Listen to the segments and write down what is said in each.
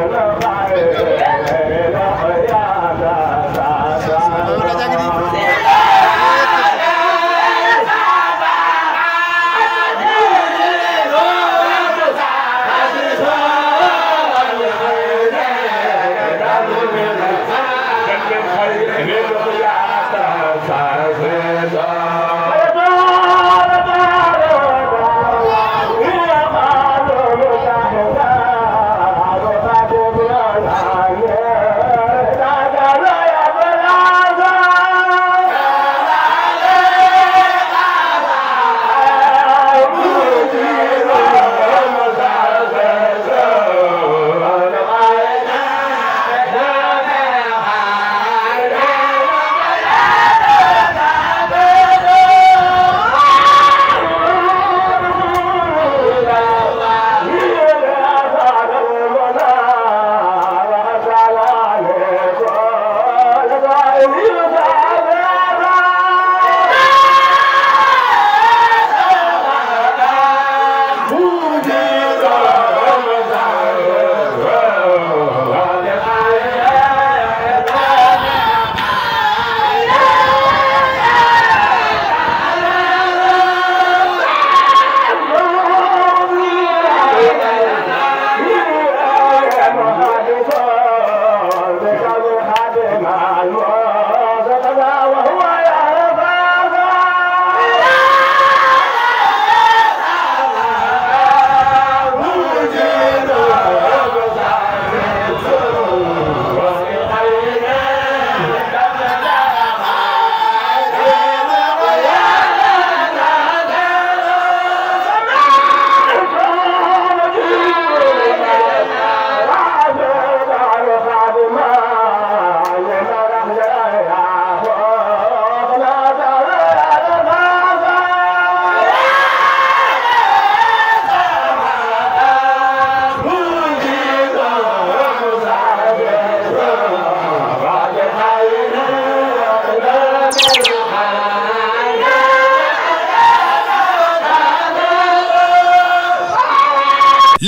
را رایا را یا جا سا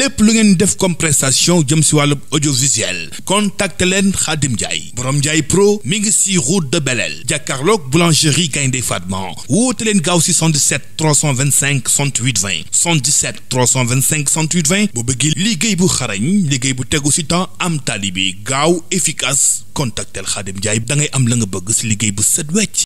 lépp lu ngeen def comme prestation jëm si wàllu audiovisuel contacte leen Khadim Ndiaye borom Ndiaye pro mi ngi si route de Belel jàkkaarloog boulangerie Gaynde Fatma woote leen gaaw si 77 325 68 20 77 325 68 20 boo bëggee liggéey bu xarañ liggéey bu tegu si temps am talibi gaaw efficace contactel Khadim Ndiaye da ngay am la nga bëgg si liggéey bu set wecc